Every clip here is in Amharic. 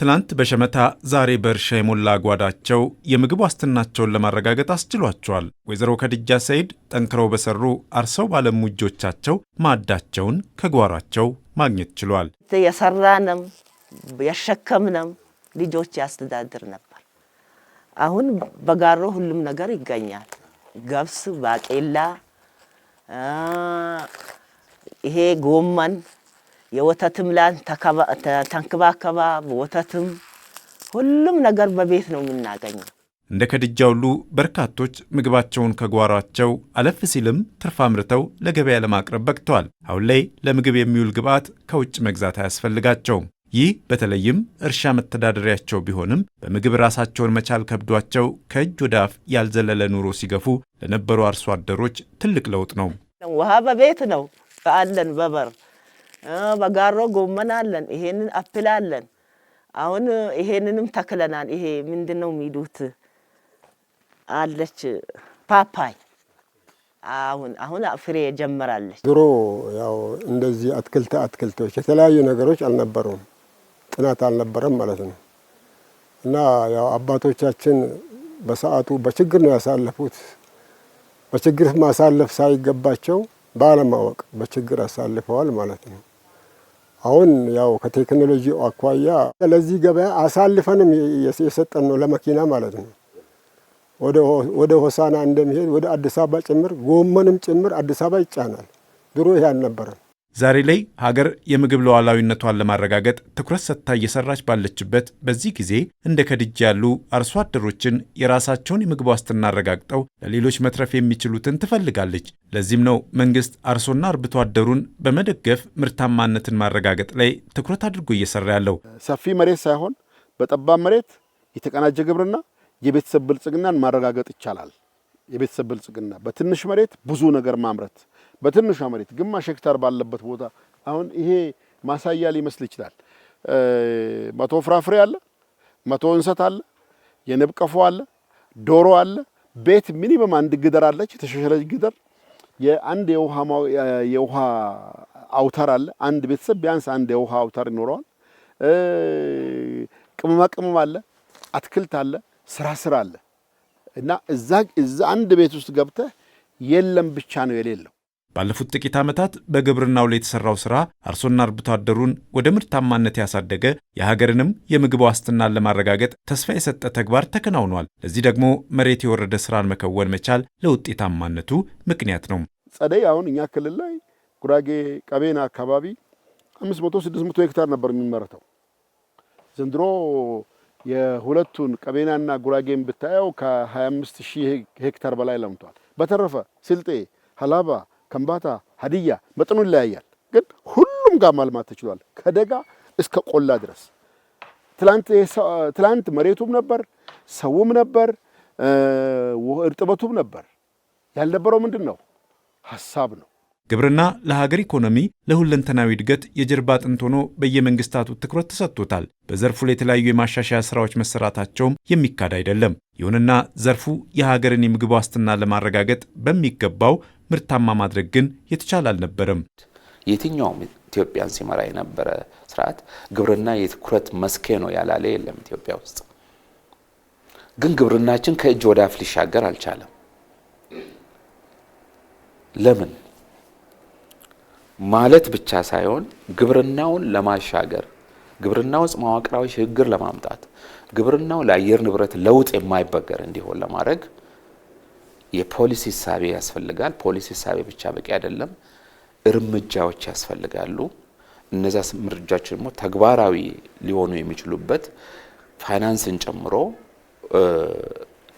ትላንት በሸመታ ዛሬ በእርሻ የሞላ ጓዳቸው የምግብ ዋስትናቸውን ለማረጋገጥ አስችሏቸዋል። ወይዘሮ ከድጃ ሰይድ ጠንክረው በሰሩ አርሰው ባለሙ እጆቻቸው ማዕዳቸውን ከጓሯቸው ማግኘት ችሏል። የሰራንም ያሸከምንም ልጆች ያስተዳድር ነበር። አሁን በጋሮ ሁሉም ነገር ይገኛል። ገብስ፣ ባቄላ፣ ይሄ ጎመን የወተትም ላን ተንከባከባ ወተትም ሁሉም ነገር በቤት ነው የምናገኘው። እንደ ከድጃ ሁሉ በርካቶች ምግባቸውን ከጓሯቸው አለፍ ሲልም ትርፍ አምርተው ለገበያ ለማቅረብ በቅተዋል። አሁን ላይ ለምግብ የሚውል ግብዓት ከውጭ መግዛት አያስፈልጋቸውም። ይህ በተለይም እርሻ መተዳደሪያቸው ቢሆንም በምግብ ራሳቸውን መቻል ከብዷቸው ከእጅ ወደ አፍ ያልዘለለ ኑሮ ሲገፉ ለነበሩ አርሶ አደሮች ትልቅ ለውጥ ነው። ውሃ በቤት ነው አለን በበር በጋሮ ጎመን አለን። ይሄንን አፕል አለን። አሁን ይሄንንም ተክለናል። ይሄ ምንድን ነው የሚሉት አለች ፓፓይ አሁን አሁን ፍሬ ጀምራለች። ድሮ ያው እንደዚህ አትክልት አትክልቶች የተለያዩ ነገሮች አልነበሩም፣ ጥናት አልነበረም ማለት ነው። እና ያው አባቶቻችን በሰዓቱ በችግር ነው ያሳለፉት። በችግር ማሳለፍ ሳይገባቸው ባለማወቅ በችግር አሳልፈዋል ማለት ነው። አሁን ያው ከቴክኖሎጂ አኳያ ለዚህ ገበያ አሳልፈንም የሰጠን ነው ለመኪና ማለት ነው። ወደ ሆሳና እንደሚሄድ ወደ አዲስ አበባ ጭምር ጎመንም ጭምር አዲስ አበባ ይጫናል። ድሮ ይህ አልነበረም። ዛሬ ላይ ሀገር የምግብ ሉዓላዊነቷን ለማረጋገጥ ትኩረት ሰጥታ እየሰራች ባለችበት በዚህ ጊዜ እንደ ከድጅ ያሉ አርሶ አደሮችን የራሳቸውን የምግብ ዋስትና አረጋግጠው ለሌሎች መትረፍ የሚችሉትን ትፈልጋለች። ለዚህም ነው መንግስት አርሶና አርብቶ አደሩን በመደገፍ ምርታማነትን ማረጋገጥ ላይ ትኩረት አድርጎ እየሰራ ያለው። ሰፊ መሬት ሳይሆን በጠባብ መሬት የተቀናጀ ግብርና የቤተሰብ ብልጽግናን ማረጋገጥ ይቻላል። የቤተሰብ ብልጽግና በትንሽ መሬት ብዙ ነገር ማምረት በትንሿ መሬት ግማሽ ሄክታር ባለበት ቦታ አሁን ይሄ ማሳያ ሊመስል ይችላል። መቶ ፍራፍሬ አለ፣ መቶ እንሰት አለ፣ የንብ ቀፎ አለ፣ ዶሮ አለ፣ ቤት ሚኒመም አንድ ግደር አለች፣ የተሻሻለች ግደር የአንድ የውሃ አውታር አለ። አንድ ቤተሰብ ቢያንስ አንድ የውሃ አውታር ይኖረዋል። ቅመማ ቅመም አለ፣ አትክልት አለ፣ ስራ ስራ አለ እና እዛ አንድ ቤት ውስጥ ገብተህ የለም ብቻ ነው የሌለው ባለፉት ጥቂት ዓመታት በግብርናው ላይ የተሠራው ሥራ አርሶና አርብቶ አደሩን ወደ ምርታማነት ያሳደገ የሀገርንም የምግብ ዋስትናን ለማረጋገጥ ተስፋ የሰጠ ተግባር ተከናውኗል። ለዚህ ደግሞ መሬት የወረደ ሥራን መከወን መቻል ለውጤታማነቱ ምክንያት ነው። ጸደይ አሁን እኛ ክልል ላይ ጉራጌ ቀቤና አካባቢ አምስት መቶ ስድስት መቶ ሄክታር ነበር የሚመረተው። ዘንድሮ የሁለቱን ቀቤናና ጉራጌን ብታየው ከ25 ሺህ ሄክታር በላይ ለምቷል። በተረፈ ስልጤ፣ ሀላባ ከምባታ፣ ሀዲያ መጠኑ ይለያያል። ግን ሁሉም ጋር ማልማት ተችሏል፣ ከደጋ እስከ ቆላ ድረስ። ትላንት መሬቱም ነበር፣ ሰውም ነበር፣ እርጥበቱም ነበር። ያልነበረው ምንድን ነው? ሀሳብ ነው። ግብርና ለሀገር ኢኮኖሚ ለሁለንተናዊ እድገት የጀርባ አጥንት ሆኖ በየመንግስታቱ ትኩረት ተሰጥቶታል። በዘርፉ ላይ የተለያዩ የማሻሻያ ስራዎች መሰራታቸውም የሚካድ አይደለም። ይሁንና ዘርፉ የሀገርን የምግብ ዋስትና ለማረጋገጥ በሚገባው ምርታማ ማድረግ ግን የተቻለ አልነበረም። የትኛውም ኢትዮጵያን ሲመራ የነበረ ስርዓት ግብርና የትኩረት መስኬ ነው ያላለ የለም። ኢትዮጵያ ውስጥ ግን ግብርናችን ከእጅ ወደ አፍ ሊሻገር አልቻለም። ለምን ማለት ብቻ ሳይሆን ግብርናውን ለማሻገር ግብርና ውስጥ መዋቅራዊ ሽግግር ለማምጣት ግብርናው ለአየር ንብረት ለውጥ የማይበገር እንዲሆን ለማድረግ የፖሊሲ እሳቤ ያስፈልጋል። ፖሊሲ ሳቤ ብቻ በቂ አይደለም፣ እርምጃዎች ያስፈልጋሉ። እነዛ እርምጃዎች ደግሞ ተግባራዊ ሊሆኑ የሚችሉበት ፋይናንስን ጨምሮ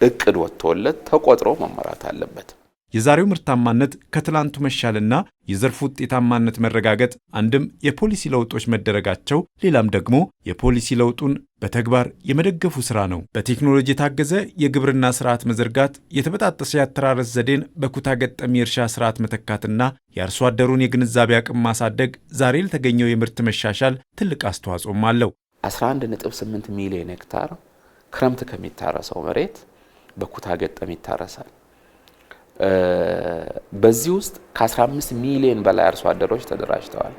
እቅድ ወጥቶለት ተቆጥሮ መመራት አለበት። የዛሬው ምርታማነት ከትላንቱ መሻልና የዘርፉ ውጤታማነት መረጋገጥ አንድም የፖሊሲ ለውጦች መደረጋቸው፣ ሌላም ደግሞ የፖሊሲ ለውጡን በተግባር የመደገፉ ስራ ነው። በቴክኖሎጂ የታገዘ የግብርና ስርዓት መዘርጋት፣ የተበጣጠሰ የአተራረስ ዘዴን በኩታ ገጠም የእርሻ ስርዓት መተካትና የአርሶ አደሩን የግንዛቤ አቅም ማሳደግ ዛሬ ለተገኘው የምርት መሻሻል ትልቅ አስተዋጽኦም አለው። 11.8 ሚሊዮን ሄክታር ክረምት ከሚታረሰው መሬት በኩታ ገጠም ይታረሳል። በዚህ ውስጥ ከ15 ሚሊዮን በላይ አርሶ አደሮች ተደራጅተዋል።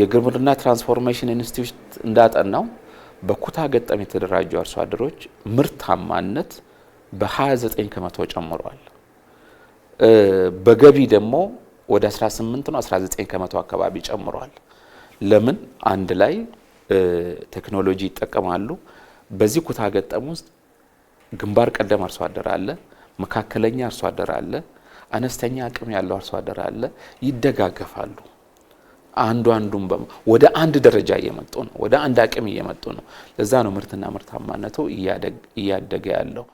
የግብርና ትራንስፎርሜሽን ኢንስቲትዩት እንዳጠናው በኩታ ገጠም የተደራጁ አርሶ አደሮች ምርታማነት በ29 ከመቶ ጨምሯል። በገቢ ደግሞ ወደ 18 ነው 19 ከመቶ አካባቢ ጨምሯል። ለምን አንድ ላይ ቴክኖሎጂ ይጠቀማሉ። በዚህ ኩታ ገጠም ውስጥ ግንባር ቀደም አርሶ አደር አለ። መካከለኛ አርሶ አደር አለ፣ አነስተኛ አቅም ያለው አርሶ አደር አለ። ይደጋገፋሉ። አንዱ አንዱም ወደ አንድ ደረጃ እየመጡ ነው፣ ወደ አንድ አቅም እየመጡ ነው። ለዛ ነው ምርትና ምርታማነቱ እያደገ ያለው።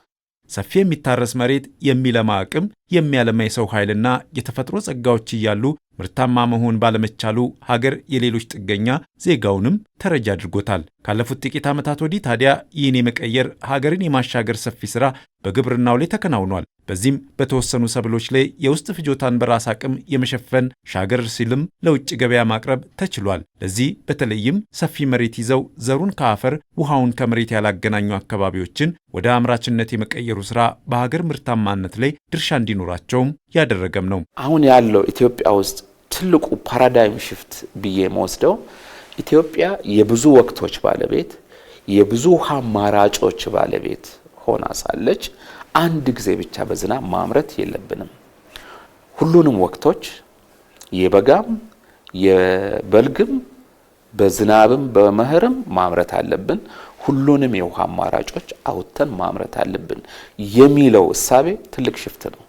ሰፊ የሚታረስ መሬት፣ የሚለማ አቅም፣ የሚያለማ የሰው ኃይልና የተፈጥሮ ጸጋዎች እያሉ ምርታማ መሆን ባለመቻሉ ሀገር የሌሎች ጥገኛ ዜጋውንም ተረጃ አድርጎታል። ካለፉት ጥቂት ዓመታት ወዲህ ታዲያ ይህን የመቀየር ሀገርን የማሻገር ሰፊ ሥራ በግብርናው ላይ ተከናውኗል። በዚህም በተወሰኑ ሰብሎች ላይ የውስጥ ፍጆታን በራስ አቅም የመሸፈን ሻገር ሲልም ለውጭ ገበያ ማቅረብ ተችሏል። ለዚህ በተለይም ሰፊ መሬት ይዘው ዘሩን ከአፈር ውሃውን ከመሬት ያላገናኙ አካባቢዎችን ወደ አምራችነት የመቀየሩ ስራ በሀገር ምርታማነት ላይ ድርሻ እንዲኖራቸውም ያደረገም ነው። አሁን ያለው ኢትዮጵያ ውስጥ ትልቁ ፓራዳይም ሽፍት ብዬ መወስደው ኢትዮጵያ የብዙ ወቅቶች ባለቤት የብዙ ውሃ አማራጮች ባለቤት ሆና ሳለች አንድ ጊዜ ብቻ በዝናብ ማምረት የለብንም። ሁሉንም ወቅቶች የበጋም የበልግም በዝናብም በመኸርም ማምረት አለብን። ሁሉንም የውሃ አማራጮች አውጥተን ማምረት አለብን የሚለው እሳቤ ትልቅ ሽፍት ነው።